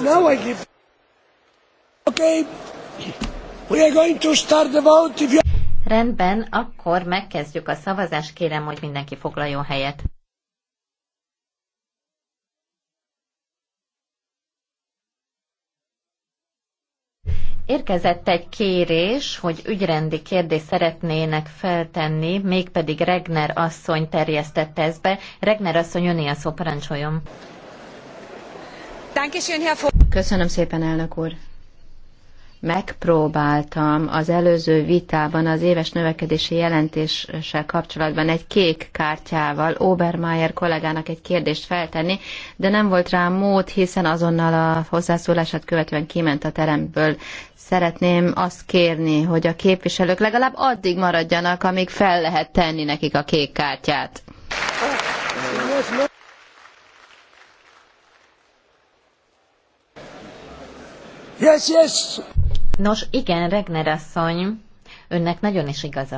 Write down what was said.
Now I give. Okay. We are going to start the vote. If you... Rendben, akkor megkezdjük a szavazást. Kérem, hogy mindenki foglaljon helyet. Érkezett egy kérés, hogy ügyrendi kérdést szeretnének feltenni, mégpedig Regner asszony terjesztette ezt be. Regner asszony, öné a szó, parancsoljon. Köszönöm szépen, elnök úr. Megpróbáltam az előző vitában az éves növekedési jelentéssel kapcsolatban egy kék kártyával Obermeier kollégának egy kérdést feltenni, de nem volt rá mód, hiszen azonnal a hozzászólását követően kiment a teremből. Szeretném azt kérni, hogy a képviselők legalább addig maradjanak, amíg fel lehet tenni nekik a kék kártyát. Yes, yes! Nos, igen, Regner asszony, önnek nagyon is igaza